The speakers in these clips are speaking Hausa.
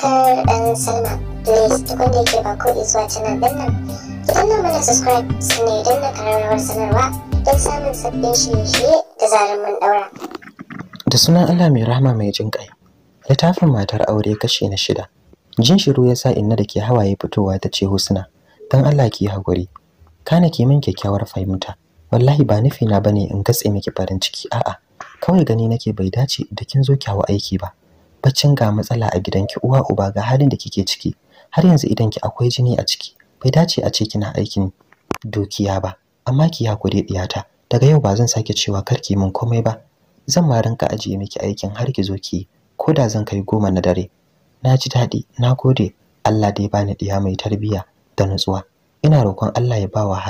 subscribe and sign up. Please da ba ko subscribe sanarwa don samun da sunan Allah mai rahama mai jin kai. Littafin matar aure kashe na shida. Jin shiru ya sa inna da ke hawaye fitowa ta ce Husna, dan Allah ki haƙuri. Kana ki min kyakkyawar fahimta. Wallahi ba nufi na bane in gatse miki farin ciki a'a. Kawai gani nake bai dace da kin zo ki hau aiki ba. baccin ga matsala a gidanki uwa uba ga halin da kike ciki har yanzu idan ki akwai jini a ciki bai dace a ce kina aikin dukiya ba amma ki hakuri ta, daga yau ba zan sake cewa karki min komai ba zan ma rinka ajiye miki aikin har ki zo ki ko da zan kai goma na dare na ji daɗi na gode Allah dai bani ɗiya mai tarbiyya da nutsuwa ina roƙon Allah ya bawa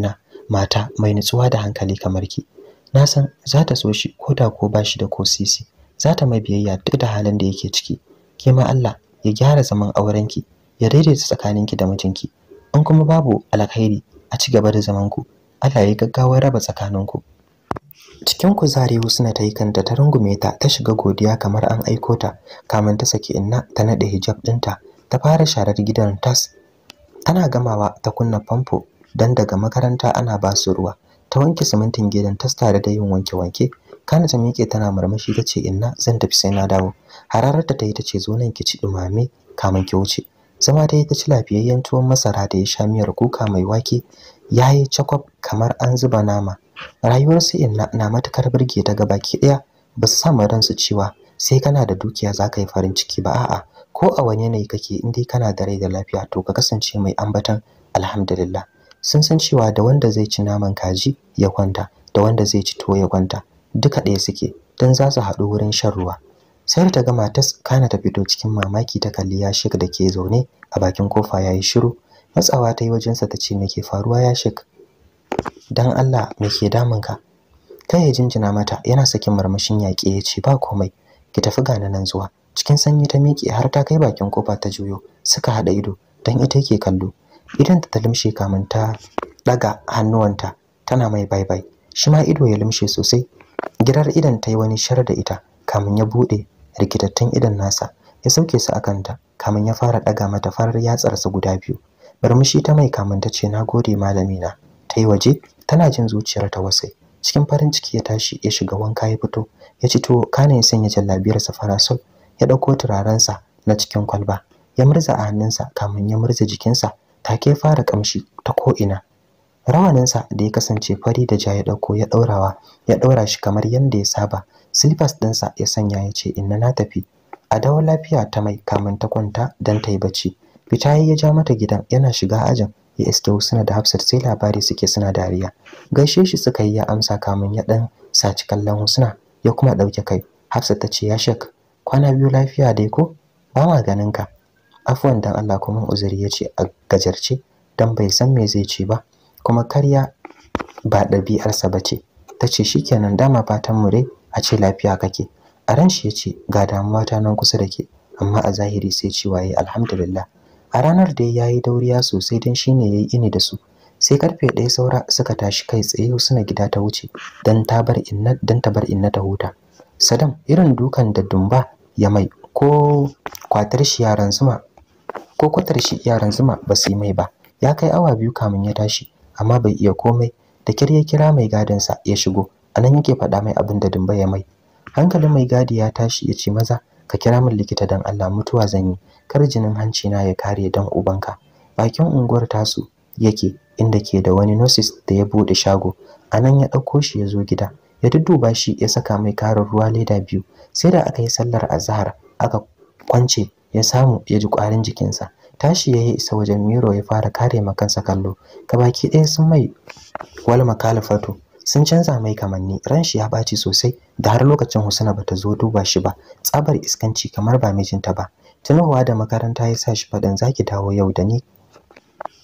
na mata mai nutsuwa da hankali kamar ki na san za ta so shi koda ko ba shi da ko sisi za ta mai biyayya duk da halin da yake ciki ke ma Allah ya gyara zaman aurenki ya daidaita tsakaninki da mijinki in kuma babu alkhairi a ci gaba da zamanku Allah ya gaggawar raba tsakaninku cikin kuzari Husna ta yi kanta ta rungume ta ta shiga godiya kamar an aiko ta kamin ta saki inna ta nade hijab dinta ta fara sharar gidan tas tana gamawa ta kunna famfo dan daga makaranta ana ba su ruwa ta wanke simintin gidan tas tare da yin wanke-wanke kana ta miƙe tana marmashi tace inna zan tafi sai na dawo hararar ta yi ta ce zo nan ki ci dumame kamun ki wuce zama ta yi ta ci lafiyayyen tuwon masara da ya sha miyar kuka mai wake ya yi kamar an zuba nama rayuwar su inna na matakar birge ta gaba gabaki ɗaya ba su sa ransu cewa sai kana da dukiya za ka yi farin ciki ba a'a ko a wani yanayi kake in dai kana da rai da lafiya to ka kasance mai ambatan alhamdulillah sun san cewa da wanda zai ci naman kaji ya kwanta da wanda zai ci tuwo ya kwanta duka ɗaya suke don za su haɗu wurin shan ruwa sai da ta gama ta kana ta fito cikin mamaki ta kalli ya shek da ke zaune a bakin kofa ya yi shiru matsawa ta yi wajensa ta ce me ke faruwa shek don allah me ke damunka kai ya jinjina mata yana sakin marmashin yaƙi ya ce ba komai ki tafi gane nan zuwa cikin sanyi ta miƙe har ta kai bakin kofa ta juyo suka haɗa ido don ita yake kallo idan ta limshe kamun ta ɗaga hannuwanta tana mai bai shi ma ido ya limshe sosai girar idan ta yi wani shar da ita kamun ya buɗe rikitattun idan nasa ya sauke su a kanta kamun ya fara ɗaga mata farar yatsarsa guda biyu barmishi ta mai kamun ta ce na gode malami na ta yi waje tana jin zuciyar ta wasai cikin farin ciki ya tashi ya shiga wanka ya fito ya ci tuwo kana ya sanya sa farasol ya ɗauko sa na cikin kwalba ya murza a hannunsa kamun ya murza jikinsa take fara kamshi ta ko'ina rawaninsa da ya kasance fari da ja ya dauko ya daurawa ya daura shi kamar yanda ya saba slippers dinsa ya sanya ya ce inna na tafi a dawo lafiya ta mai kamun ta kwanta dan ta yi bacci fita ya ja mata gidan yana shiga ajin ya iske Husna da Hafsat sai labari suke suna dariya gaishe shi suka yi ya amsa kamun ya dan saci kallon Husna ya kuma dauke kai Hafsat ta ce ya shek kwana biyu lafiya dai ko ba ma ganin ka afwan dan Allah kuma uzuri ya ce a gajarce dan bai san me zai ce ba kuma karya ba ɗabi'arsa ba ce ta ce shi kenan, dama fatan mu dai a ce lafiya kake a ran shi ya ce ga damuwa ta nan kusa da ke amma a zahiri sai ce waye alhamdulillah a ranar da ya yi dauriya sosai don shine ya yi ini da su sai karfe ɗaya saura suka tashi kai tsaye suna gida ta wuce don ta bar inna don ta bar inna ta huta sadam irin dukan da dumba ya mai ko kwatar shi yaran zuma ko kwatar shi yaran zuma ba su yi mai ba ya kai awa biyu kamun ya tashi amma bai iya komai da kyar ya kira mai gadin sa ya shigo anan yake faɗa mai abin da dimba ya mai hankalin mai gadi ya tashi ya ce maza ka kira min likita dan Allah mutuwa zan yi kar jinin hanci na ya kare dan ubanka bakin unguwar tasu yake inda ke da wani nurses da ya bude shago anan ya dauko shi ya zo gida ya dudduba shi ya saka mai karar ruwa leda biyu sai da aka yi sallar azhar aka kwance ya samu ya ji kwarin jikinsa tashi yayi isa wajen miro ya fara kare makansa kallo Ka baki ɗaya sun mai wal makalifatu sun canza mai kamanni ran shi ya ɓaci sosai da har lokacin Husna bata zo duba shi ba tsabar iskanci kamar ba mijinta ba tunawa da makaranta ya sa shi faɗin zaki dawo yau da ni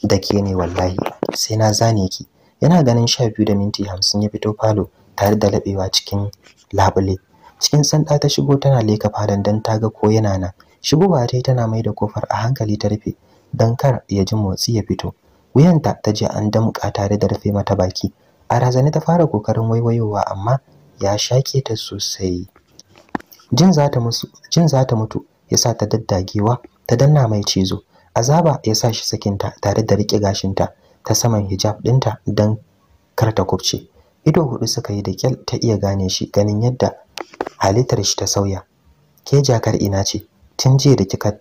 da ke ne wallahi sai na zane ki yana ganin sha biyu da minti hamsin ya fito falo tare da laɓewa cikin labule cikin sanda ta shigo tana leka fadan don ta ga ko yana nan shigowa ta tana mai da kofar a hankali ta rufe don kar ya ji motsi ya fito wuyanta ta je an damƙa tare da rufe mata baki a razane ta fara kokarin waiwayowa amma ya shake ta sosai jin za ta musu jin za ta mutu ya sa ta daddagewa ta danna mai cizo azaba ya sa shi sakinta tare da riƙe gashinta ta saman hijab ɗinta don kar ta kubce ido hudu suka yi da kyal ta iya gane shi ganin yadda halittar shi ta sauya ke jakar ina ce tun jiya da kika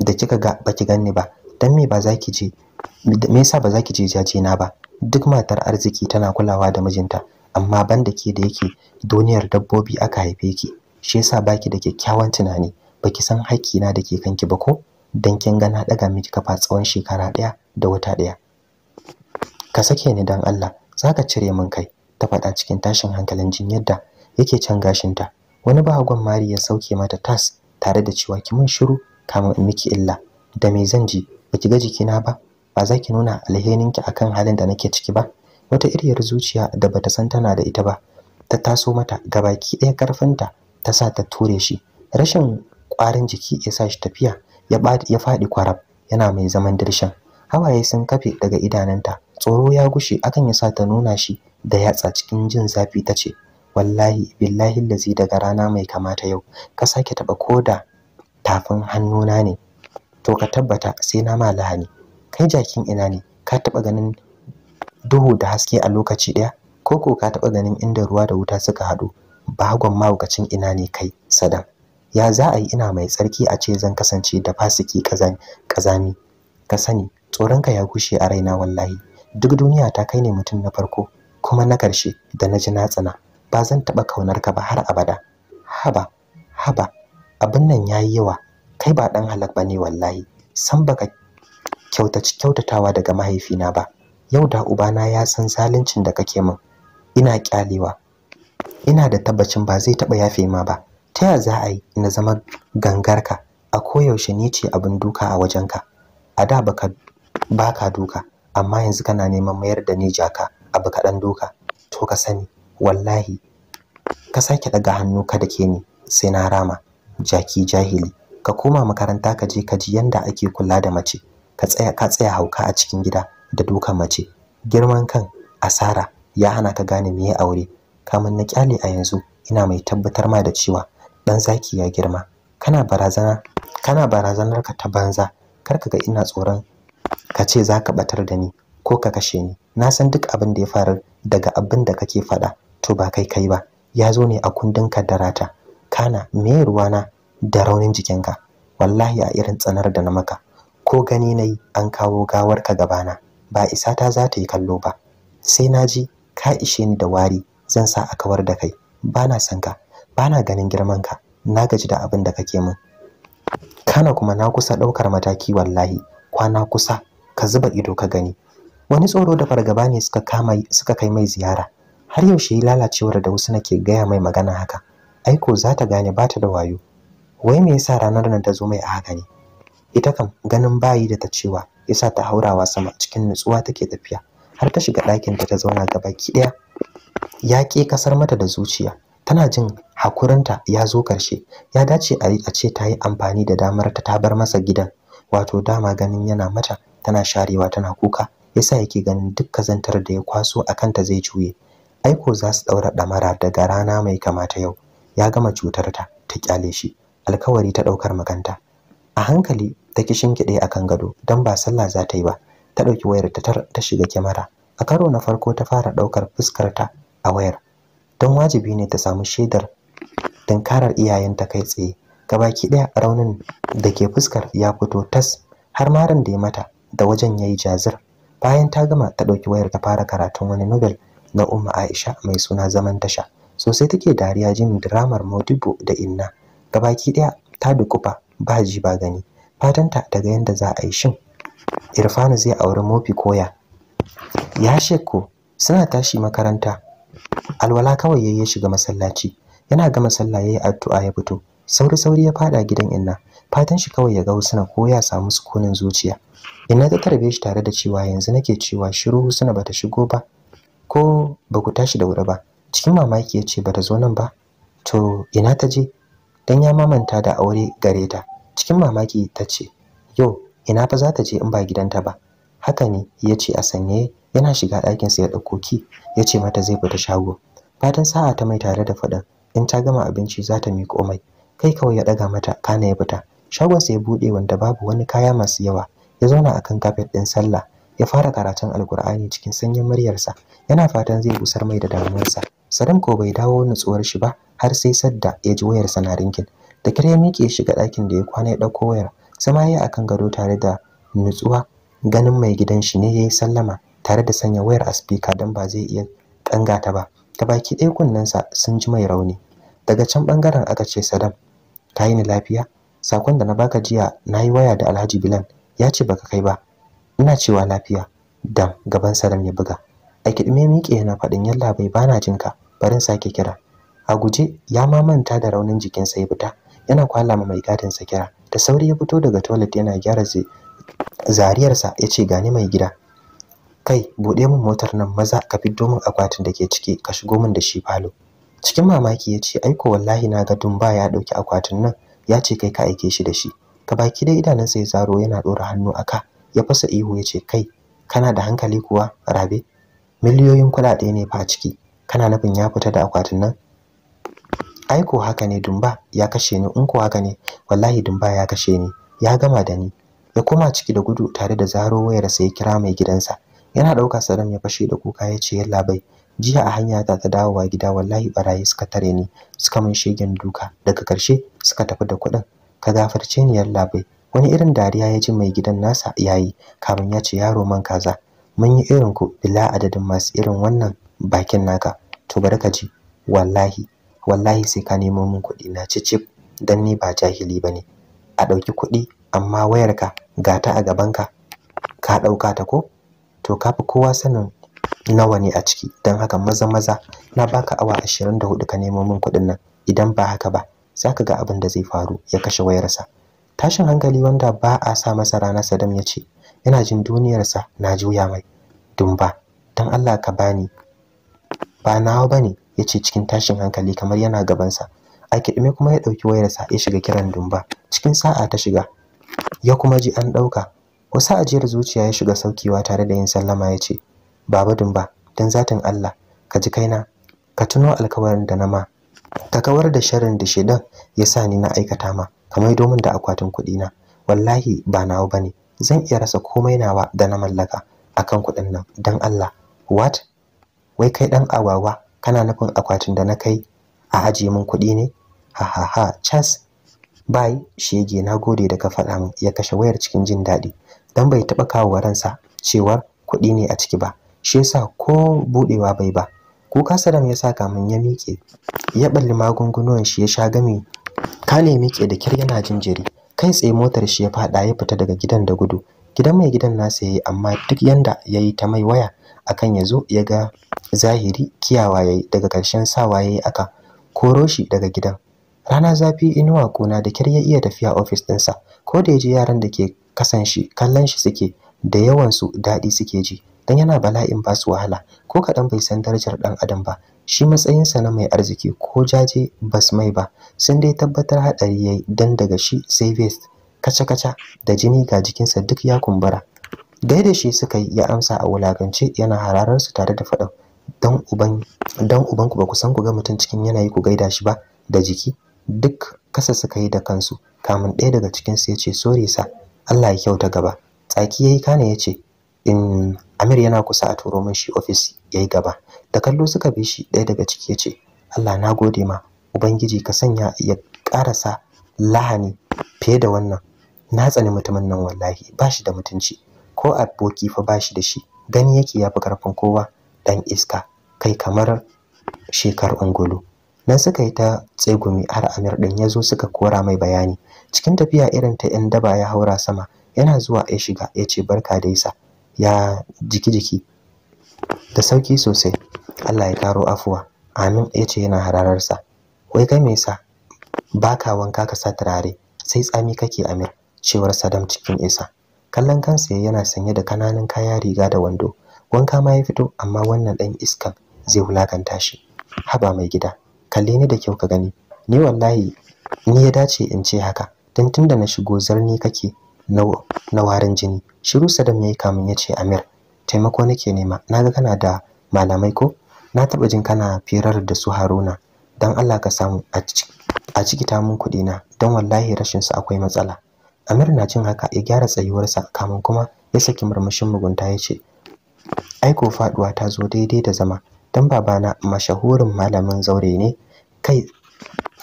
da kika ga baki ganni ba dan me ba zaki je me yasa ba za je jaje na ba duk matar arziki tana kulawa da mijinta amma banda ke da yake duniyar dabbobi aka haife ki shi yasa baki da kyakkyawan tunani baki san haƙƙi na da ke kanki ba ko dan kin ga na daga miki kafa tsawon shekara daya da wata daya ka sake ni dan Allah zaka cire min kai ta faɗa cikin tashin hankalin jin yadda yake can gashinta wani bahagon mari ya sauke mata tas tare da cewa ki mun shiru kamun in miki illa da me zan ji ba ki ga jikina ba ba za ki nuna alheninki akan halin da nake ciki ba wata iriyar zuciya da bata san tana da ita ba ta taso mata gabaki ɗaya karfinta ta sa ta ture shi rashin ƙwarin jiki ya sa shi tafiya ya ya faɗi kwarab yana mai zaman dirshan hawaye sun kafe daga idananta tsoro ya gushe akan ya sa ta nuna shi da yatsa cikin jin zafi ta ce wallahi billahi lazi daga rana mai kamata yau ka sake taba koda tafin hannuna ne to ka tabbata sai na ma lahani kai jakin ina ne ka taba ganin duhu da haske a lokaci daya Ko ka taba ganin inda ruwa da wuta suka hadu bagon mahaukacin ina ne kai sadam ya za a yi ina mai tsarki a ce zan kasance da fasiki kazami ka sani tsoronka ya gushe a raina wallahi duk duniya ta kai ne mutum na farko kuma na karshe da na ji na tsana ba zan taɓa kaunar ka ba har abada haba haba abin nan yayi yawa kai ba ɗan halak bane wallahi san baka kyautaci kyautatawa daga mahaifina ba yau da ubana ya san zaluncin da kake min ina kyalewa ina da tabbacin ba zai taɓa yafe ma ba ta ya za a yi na zama gangar ka? a koyaushe ni ce abin duka a wajen ka. a da baka baka duka amma yanzu kana neman mayar da ni jaka abu kaɗan duka to ka sani wallahi ka sake daga hannu ka dake ni sai na rama jaki jahili ka koma makaranta ka je ka ji yanda ake kula da mace ka tsaya ka tsaya hauka a cikin gida da dukan mace girman kan asara ya hana ka gane meye aure kamun na kyale a yanzu ina mai tabbatar ma da cewa dan zaki ya girma kana barazana kana barazanar ka ta banza kar ka ga ina tsoron ka ce zaka batar da ni ko ka kashe ni na san duk abin da ya faru daga abin da kake faɗa to ba kai kai ba ya zo ne a kundin kaddarata kana me ruwana da raunin jikinka wallahi a irin tsanar da na maka ko gani nayi an kawo gawarka gabana ba isa ta za ta yi kallo ba sai na ji ka ishe ni da wari zan sa a kawar da kai bana son ka bana ganin girman ka na gaji da abin da kake min kana kuma na kusa ɗaukar mataki wallahi kwana kusa ka zuba ido ka gani wani tsoro da fargaba ne suka kai mai ziyara har yaushe yi lalacewar da wasu nake gaya mai magana haka aiko za ta gane ba ta da wayo wai me yasa ranar nan ta zo mai a haka ne ita kam ganin bayi da ta cewa yasa ta haurawa sama cikin nutsuwa take tafiya har ta shiga ɗakin ta ta zauna gaba ki ɗaya ya ƙi kasar mata da zuciya tana jin hakurinta ya zo ƙarshe ya dace a ce ta yi amfani da damar ta bar masa gidan wato dama ganin yana mata tana sharewa tana kuka yasa yake ganin duk kazantar da ya kwaso a kanta zai juye aiko za su daura damara daga rana mai kamata yau ya gama cutar ta ta kyale shi alkawari ta ɗaukar maganta a hankali ta kishin a kan gado don ba sallah za ta yi ba ta ɗauki wayar ta ta shiga kyamara a karo na farko ta fara ɗaukar fuskar ta a wayar don wajibi ne ta samu shaidar iyayen iyayenta kai tsaye gabaki daya raunin da ke fuskar ya fito tas har marin da ya mata da wajen yayi jazir bayan ta gama ta ɗauki wayar ta fara karatun wani nobel na Umma Aisha mai suna zaman tasha sosai take dariya jin dramar Modibo da Inna gabaki daya ta dukufa ba ji ba gani fatanta daga yanda za a yi shin Irfanu zai auri Mofi koya ya sheko suna tashi makaranta alwala kawai yayi ya shiga masallaci yana gama sallah yayi addu'a ya fito sauri sauri ya fada gidan Inna fatan shi kawai ya ga Husna ko ya samu sukunin zuciya Inna ta tarbe shi tare da cewa yanzu nake cewa shiru Husna bata shigo ba ko ba ku tashi da wuri ba cikin mamaki ya ce ba ta zo nan ba to ina ta je dan ya mamanta da aure gare ta cikin mamaki ta ce yau ina fa za ta je in ba gidanta ba haka ne ya ce a sanye yana shiga sa ya ɗauko ki ya ce mata zai fita shago fatan sa'a ta mai tare da faɗin in ta gama abinci za ta miƙo mai kai kawai ya ɗaga mata kana ya fita shagon sa ya buɗe wanda babu wani kaya masu yawa ya zauna akan kafet ɗin sallah ya fara karatun alkur'ani cikin sanyin muryarsa yana fatan zai gusar mai da damuwarsa Saddam ko bai dawo nutsuwar shi ba har sai sadda ya ji wayar na rinkin da kare ya miƙe shiga dakin da ya kwana ya ɗauko wayar sama ya akan gado tare da nutsuwa ganin mai gidan shi ne ya yi sallama tare da sanya wayar a speaker don ba zai iya ta ba ta baki ɗaya sa sun ji mai rauni daga can bangaren aka ce Saddam ka yi ni lafiya sakon da na baka jiya na yi waya da Alhaji Bilan ya ce baka kai ba ina cewa lafiya dam gaban Saddam ya buga a kiɗime miƙe yana faɗin yalla bai bana jin ka barin sake kira a guje ya ma manta da raunin jikin, sai fita yana kwala ma mai gadin sa kira da sauri ya fito daga toilet yana gyara zariyarsa ya ce gani mai gida kai buɗe min motar nan maza ka fito min akwatin da ke ciki ka shigo min da shi falo cikin mamaki ya ce aiko wallahi na ga dumba ya ɗauki akwatin nan ya ce kai ka aike shi da shi ka baki dai idanunsa ya zaro yana ɗora hannu a ka ya fasa ihu ya ce kai kana da hankali kuwa rabe miliyoyin kuɗaɗe ne fa ciki kana nufin ya fita da akwatin nan ai haka ne dumba ya kashe ni in ko haka ne wallahi dumba ya kashe ni ya gama da ni ya koma ciki da gudu tare da zaro wayar ya kira mai gidansa yana ɗauka salam ya fashe da kuka ya ce yalla bai jiya a hanya ta ta dawowa gida wallahi barayi suka tare ni suka min shegen duka daga karshe suka tafi da kuɗin ka gafarce ni yalla bai wani irin dariya ya ji mai gidan nasa yayi kafin ya ce yaro man kaza mun yi irin ku bila adadin masu irin wannan bakin naka to bari ka ji wallahi wallahi sai ka nemo min kuɗi na cicip don ni ba jahili ba ne. a ɗauki kuɗi amma wayarka ga ta a gabanka ka ɗauka ta ko to ka fi kowa sanin nawa ne a ciki don haka maza maza na baka awa ashirin da hudu ka nemo min kuɗin nan idan ba haka ba za ka ga abin da zai faru ya kashe wayarsa tashin hankali wanda ba a sa masa ranar Sadam ya ce yana jin duniyarsa na juya mai dumba don Allah ka bani ba nawa bane ce cikin tashin hankali kamar yana gabansa a kiɗume kuma ya ɗauki wayarsa ya shiga kiran dumba cikin sa'a ta shiga ya kuma ji an ɗauka. wasu ajiyar zuciya ya shiga saukewa tare da yin sallama ya ce baba dumba don zatin Allah ka ji kaina ka tuno alkawarin da na ma ka kawar da sharrin da shedan ya sa ni na aikata ma kamar domin da akwatin kuɗi na wallahi ba nawa bane zan iya rasa komai nawa da na mallaka akan kuɗin nan dan Allah what wai kai dan agwagwa kana nufin akwatin da na kai a aje min kuɗi ne ha ha ha chas bai shege na gode da ka faɗa min ya kashe wayar cikin jin daɗi dan bai taɓa kawo ransa cewar kuɗi ne a ciki ba shi yasa ko buɗewa bai ba kuka sadam ya saka min ya miƙe ya balli magungunan shi ya sha gami ka ne miƙe da kir yana jinjiri? kai tsaye motar shi ya fada ya fita daga gidan da gudu gidan mai gidan nasa yayi amma duk yanda yayi ta mai waya akan ya zo ya ga zahiri kiyawa yayi daga karshen sawa yayi aka koro shi daga gidan rana zafi inuwa kona da kyar ya iya tafiya ofis ɗinsa ko da ya ji yaran da ke kasan shi kallon shi suke da yawan su daɗi suke ji dan yana bala'in ba su wahala ko kaɗan bai san darajar ɗan adam ba shi matsayinsa na mai arziki ko jaje bas mai ba sun dai tabbatar haɗari yayi dan daga shi sai vest kaca-kaca da jini ga jikinsa duk ya kumbura gaida shi suka yi ya amsa a wulagance yana hararar su tare da faɗan dan uban dan uban ku ba ku san ku ga mutum cikin yanayi ku gaida shi ba da jiki duk kasa suka yi da kansu kamun ɗaya daga cikin su ce, sore sa Allah ya kyauta gaba tsaki yayi kana ce. in Amir yana kusa a turo min shi office yayi gaba da kallo suka bi shi ɗaya daga ciki yace Allah na gode ma ubangiji ka sanya ya karasa lahani fiye da wannan na tsani mutumin nan wallahi bashi da mutunci ko aboki fa bashi da shi gani yake yafi karfin kowa dan iska kai kamar shekar ungulu nan suka yi ta tsegumi har Amir din ya zo suka kora mai bayani cikin tafiya irin ta 'yan daba ya haura sama yana zuwa ya shiga yace barka da isa ya jiki jiki da sauki sosai Allah ya karo afuwa amin ya ce yana hararsa wai mai me yasa baka wanka ka sa turare sai tsami kake amir cewar sadam cikin isa kallon kansa yana sanye da kananan kaya riga da wando wanka ma ya fito amma wannan dan iskan zai wulakanta shi haba mai gida kalle ni da kyau ka gani ni wallahi ni ya dace in ce haka tun tunda na shigo zarni kake na warin jini shiru sadam yayi kamun ya ce amir taimako nake nema naga kana da malamai ko na taba jin kana firar da su haruna dan allah ka samu a ciki ta mun kuɗi na dan wallahi rashin su akwai matsala amir na cin haka ya gyara tsayuwarsa kamun kuma ya saki murmushin mugunta ya ce aiko faduwa ta zo daidai da zama dan babana mashahurin malamin zaure ne kai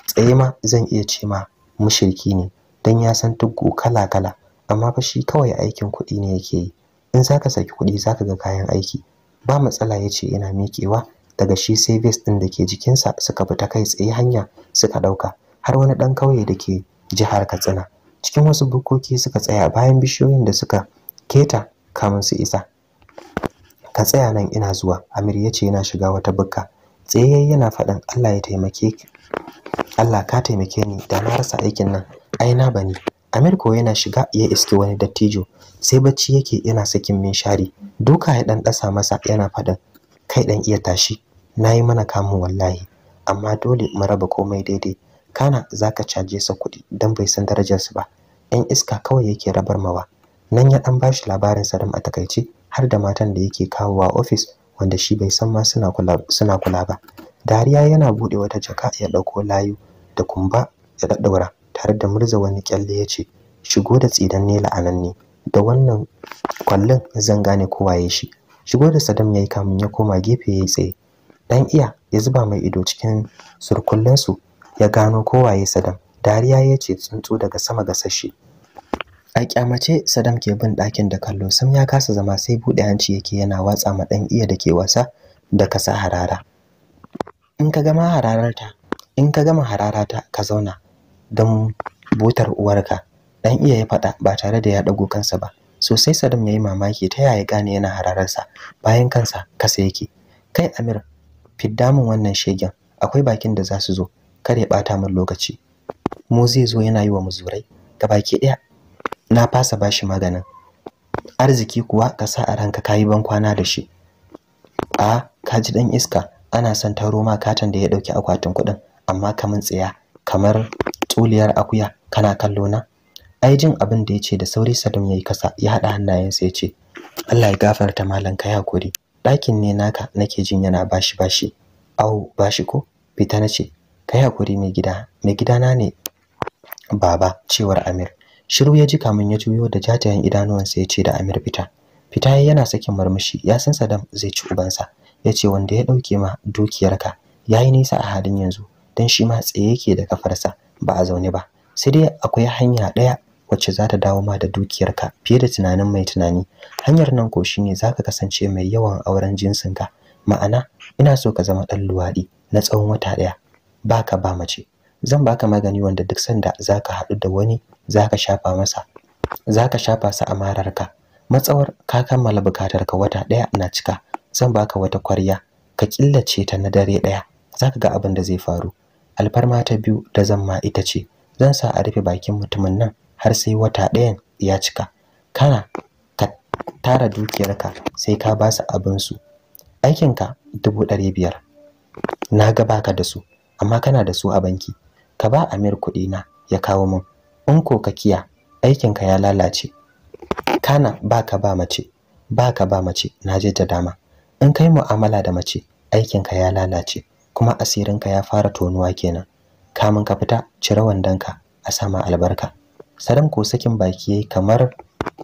tsaye ma zan iya ce ma mushriki ne don ya san tuggo kala kala amma fa shi kawai aikin kuɗi ne yake yi in zaka saki kuɗi zaka ga kayan aiki ba matsala yace ina miƙewa daga shi sai ɗin din da ke jikinsa suka fita kai tsaye hanya suka ɗauka har wani ɗan kauye da ke jihar Katsina cikin wasu bukoki suka tsaya bayan bishiyoyin da suka keta kamun su isa ka tsaya nan ina zuwa Amir ya ce yana shiga wata bukka tsaye yana faɗin Allah ya taimake ki Allah ka taimake ni da na rasa aikin nan Aina na bani Amir ko yana shiga ya iske wani dattijo sai bacci yake yana sakin min minshari duka ya dan dasa masa yana faɗin kai dan iya tashi nayi mana kamun wallahi amma dole mu raba komai daidai kana zaka caje sa kuɗi dan bai san darajar su ba ɗan iska kawai yake rabar mawa nan ya dan bashi labarin Saddam a takaice har da matan da yake kawowa office wanda shi bai san ma suna kula suna kula ba dariya yana bude wata jaka ya dauko layu da kumba ya daddaura tare da murza wani kyalle ya ce shigo da tsidan ne la'ananne da wannan kwallon zan gane ko waye shi shigo da sadam yayi kamun ya koma gefe yayi tsaye dan iya ya zuba mai ido cikin surkullen su ya gano ko waye sadam dariya ya ce tsuntsu daga sama ga sashi a kyamace sadam ke bin ɗakin da kallo sam ya kasa zama sai buɗe hanci yake yana watsa ma ɗan iya da ke wasa da kasa harara in ka gama hararata in ka gama hararata ka zauna don butar uwarka dan iya ya faɗa ba tare da ya ɗago kansa ba sosai sadam ya yi mamaki ta yaya gane yana harararsa bayan kansa kasa yake kai amir fidda min wannan shegen akwai bakin da za su zo kar ya ɓata min lokaci mu zai zo yana yi wa muzurai baki ɗaya na fasa bashi maganin arziki kuwa ka sa a ranka kayi ban kwana da shi a kaji dan iska ana son taro ma katon da ya dauki akwatin kuɗin amma kaman tsaya kamar tsuliyar akuya kana kallo na ai jin abin da yace da sauri ya yayi kasa ya hada hannayensa ce. Allah ya gafarta malam ya hakuri ɗakin ne naka nake jin yana bashi bashi au bashi ko fita nace kai hakuri mai gida mai gidana ne baba cewar Amir shiru ya ji kamun ya juyo da jajayen idanuwansa yace da Amir fita fita yana sakin murmushi. ya san sadam zai ci ubansa yace wanda ya dauke ma dukiyarka yayi nisa a halin yanzu dan shi ma tsaye yake da kafarsa ba a zaune ba sai dai akwai hanya ɗaya wacce za ta dawo ma da dukiyarka fiye da tunanin mai tunani hanyar nan ko shine za ka kasance mai yawan auren jinsin ka? ma'ana ina so ka zama ɗan luwaɗi na tsawon wata ɗaya ba ka ba mace zan baka magani wanda duk sanda za ka haɗu da wani za ka shafa masa za ka shafa sa a mararka matsawar ka kammala bukatarka wata ɗaya na cika zan baka wata kwarya ka killace ta na dare ɗaya za ka ga abin da zai faru alfarma ta biyu da zamma ita ce zan sa a rufe bakin mutumin nan har sai wata ɗayan ya cika kana ka tara dukiyarka sai ka ba su aikinka dubu ɗari biyar na ga baka da su amma kana da su a banki ka ba amir na ya kawo min in ko ka kiya aikinka ya lalace kana baka ba mace baka ba mace na je ta dama in kai mu'amala da mace aikinka ya lalace kuma asirinka ya fara tonuwa kenan kamun ka fita cire ka a sama albarka sadan ko sakin baki yayi kamar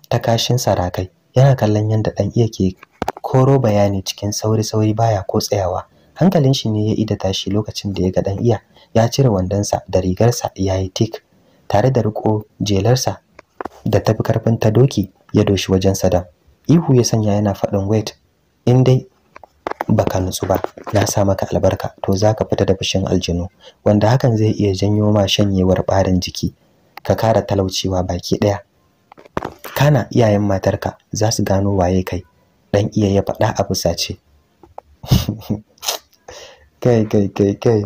takashin sarakai yana kallon yanda dan iya ke koro bayani cikin sauri sauri baya ko tsayawa hankalin shi ne ya ida tashi lokacin da ya ga dan iya ya cire wandonsa da rigarsa yayi tik tare da riko jelarsa da tafi karfin ta doki ya doshi wajen sadan ihu ya sanya yana faɗin wait in dai baka nutsu ba na sa maka albarka to zaka fita da fushin aljinu wanda hakan zai iya janyo ma shanyewar barin jiki ka kara talaucewa baki daya kana iyayen matarka za su gano waye kai dan iya ya faɗa a fusace kai kai kai kai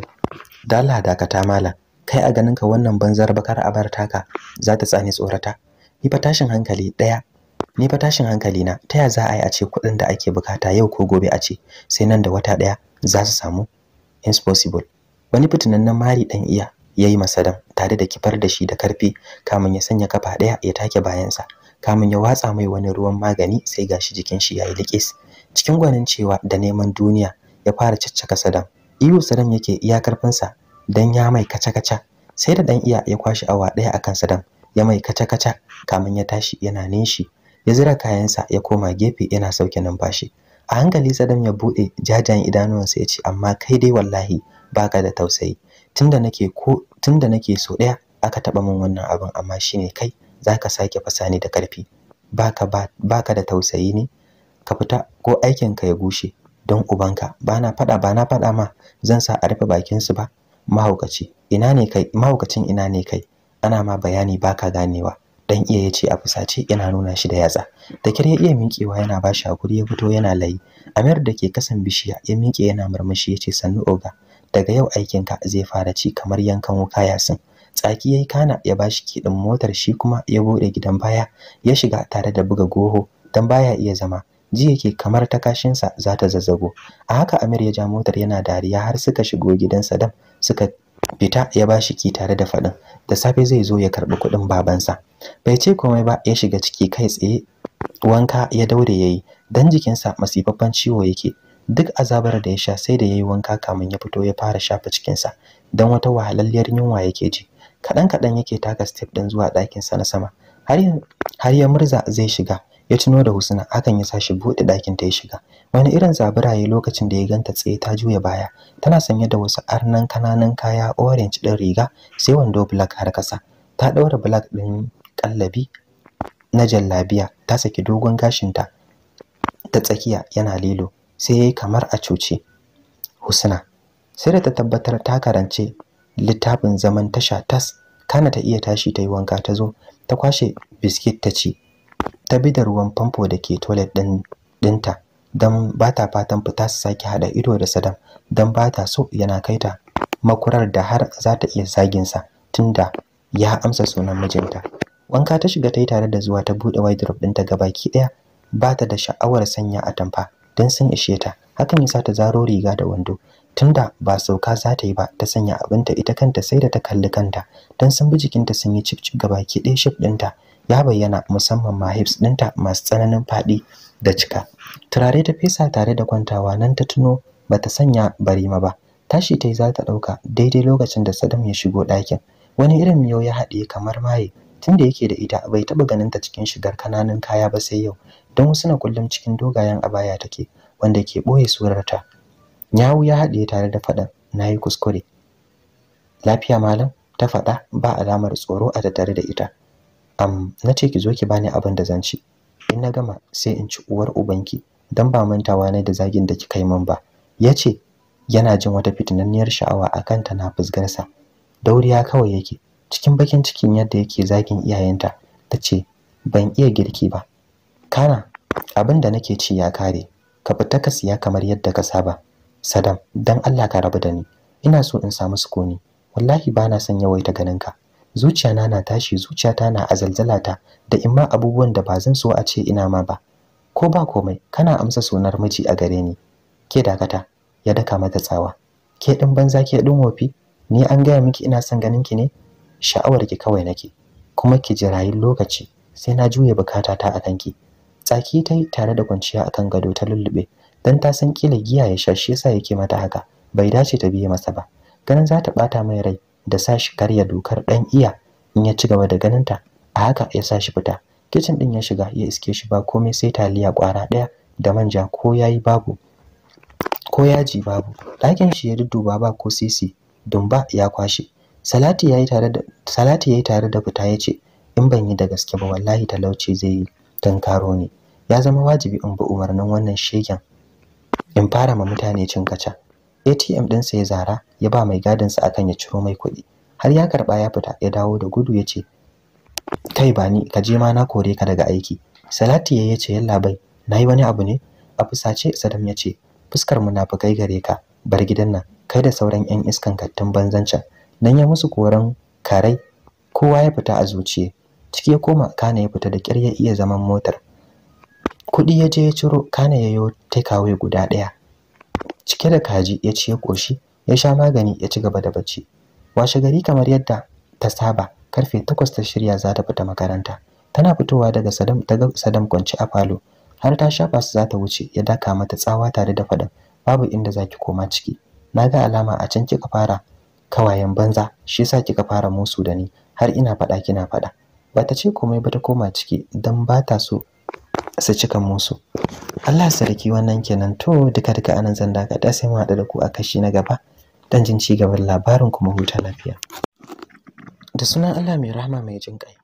dala dakata malam kai a ganinka wannan banzar bakar abar taka za ta tsani tsorata ni fa tashin hankali daya ni fa tashin hankali na ta ya za a yi a ce kuɗin da ake bukata yau ko gobe a ce sai nan da wata ɗaya za su samu possible wani fitinannen mari ɗan iya yayi yi masadam tare da kifar da shi da karfi kamun ya sanya kafa ɗaya ya take bayansa kamun ya watsa mai wani ruwan magani sai gashi jikin shi yayi likis cikin gwanin cewa da neman duniya ya fara caccaka sadan. iyo sadam yake iya karfinsa dan ya mai kaca-kaca sai da dan iya ya kwashi awa ɗaya akan sadan ya mai kaca-kaca kamun ya tashi yana nishi ya zira kayansa ya koma gefe yana sauke numfashi a hankali sadam ya bude jajayen idanuwansa ya ce amma kai dai wallahi baka da tausayi tunda nake ko tunda nake so daya aka taba min wannan abin amma shine kai zaka sake fasani da karfi baka ba, baka da tausayi ne ka fita ko aikin ka ya gushe don ubanka bana fada bana fada ma zan sa a rufe bakin su ba mahaukaci ina ne kai mahaukacin ina ne kai ana ma bayani baka ganewa dan iya yace a fusace yana nuna shi da yatsa da kyar ya iya minkewa yana ba shi hakuri ya fito yana layi amir da ke kasan bishiya ya minke yana murmushi yace sannu oga daga yau aikinka zai fara ci kamar yankan wuka yasin tsaki yayi kana ya bashi kidin motar shi kuma ya bude gidan baya ya shiga tare da buga goho dan baya iya zama ji yake kamar ta kashinsa za ta zazzago a haka amir ya ja motar yana dariya har suka shigo gidan sadam suka fita ya ba shi ki tare da faɗin da safe zai zo ya karɓi kuɗin babansa bai ce komai ba ya shiga ciki kai tsaye wanka ya daure yayi dan jikinsa masifaffan ciwo yake duk azabar da ya sha sai da yayi wanka kamun ya fito ya fara shafa cikinsa dan wata wahalalliyar yunwa yake ji kaɗan kaɗan yake taka step ɗin zuwa ɗakinsa na sama har ya murza zai shiga ya tuno da Husna hakan ya sashi bude ɗakin ta ya shiga wani irin zabiraye lokacin da ya ganta tsaye ta juya baya tana sanye da wasu arnan kananan kaya orange ɗin riga sai wando black har kasa ta daura black ɗin kallabi na jallabiya ta saki dogon gashin ta ta tsakiya yana lilo sai yayi kamar a cuce Husna sai da ta tabbatar ta karance littafin zaman tasha tas kana ta iya tashi ta yi wanka ta zo ta kwashe biskit ta ci ta bi da ruwan famfo da ke toilet ɗin ɗinta don ba ta fatan fita su sake hada ido da sadan, don ba ta so yana kai ta makurar da har za ta iya zaginsa tunda ya amsa sunan mijinta. Wanka ta shiga ta yi tare da zuwa ta buɗe wardrobe ɗinta gabaki ɗaya ba ta da sha'awar sanya atamfa don sun ishe ta hakan ya sa ta zaro riga da wando tunda ba sauka za ta yi ba ta sanya abinta ita kanta sai da ta kalli kanta don sun bi jikinta sun yi cif gabaki ɗaya shif ɗinta ya bayyana musamman ma hips ɗinta masu tsananin faɗi da cika turare ta fesa tare da kwantawa nan ta tuno bata sanya barima ba tashi ta yi za ta ɗauka daidai lokacin da sadam ya shigo ɗakin wani irin miyau ya haɗe kamar maye tunda yake da ita bai taɓa ganin ta cikin shigar kananan kaya ba sai yau don wasu na kullum cikin dogayen abaya take wanda ke ɓoye surarta nyawu ya haɗe tare da faɗan na yi kuskure lafiya malam ta faɗa ba alamar tsoro a tattare da ita am na ce ki zo ki bani abin da zan ci in na gama sai in ci uwar ubanki dan ba mantawa ne da zagin da kika yi min ba yace yana jin wata fitinanniyar sha'awa akan ta na fusgarsa dauriya kawai yake cikin bakin cikin yadda yake zagin iyayenta tace ban iya girki ba kana abin da nake ci ya kare ka fita ka siya kamar yadda ka saba sadam dan Allah ka rabu da ni ina so in samu sukuni wallahi bana son yawaita ganinka zuciyana na tashi zuciyata na azalzalata da in ma abubuwan da ba zan so a ce ina ma ba ko ba komai kana amsa sunar miji a gare ni ke dakata ya daka mata tsawa ke din banza ke din wofi ni an gaya miki ina son ganin ki ne sha'awar ki kawai nake kuma ki jirayin lokaci sai na juye bukata ta akan ki tsaki tai tare da kwanciya akan gado ta lullube dan ta san kila giya ya sha shi yasa yake mata haka bai dace ta biye masa ba ganin za ta bata mai rai da sa shi karya dokar dan iya in ya ci gaba da ganinta a haka ya sashi fita kitchen din ya shiga ya iske shi ba komai sai taliya kwara daya da manja ko yayi babu ko yaji babu ɗakin shi ya dudduba ba ko sisi dumba ya kwashe salati yayi tare da salati yayi tare da fita yace in ban yi da gaske ba wallahi talauci zai yi tankaro ne ya zama wajibi in bi umarnin wannan shegen in fara ma mutane cin kaca ATM sa ya zara ya ba mai gadin sa akan ya ciro mai kuɗi. Har ya karɓa ya fita ya dawo da gudu ya ce, Kai bani, ka je ma na kore ka daga aiki. Salati ya ce yalla bai, na wani abu ne? A fusace Sadam ya ce, Fuskar munafukai gare ka, bar gidan nan, kai da sauran 'yan iskan kattun banzancan. Nan ya musu koran karai, kowa ya fita a zuciye. Ciki ya koma kana ya fita da kyar ya iya zaman motar. Kuɗi ya je ya ciro kana ya take takeaway guda ɗaya cike da kaji ya ci ya koshi ya sha magani ya ci gaba da bacci washe gari kamar yadda ta saba karfe takwas ta shirya za ta fita makaranta tana fitowa daga sadam daga sadam kwanci a falo har ta shafa su za ta wuce ya daka mata tsawa tare da faɗan. babu inda za ki koma ciki na ga alama a can kika fara kawayen banza shi yasa kika fara musu da ni har ina faɗa kina faɗa bata ce komai ba ta koma ciki dan ba ta so su cika musu Allah sarki wannan kenan to duka duka anan zan da sai mu haɗa da ku a kashi na gaba dan jin ci gaban labarin kuma huta lafiya da sunan Allah mai rahama mai jin kai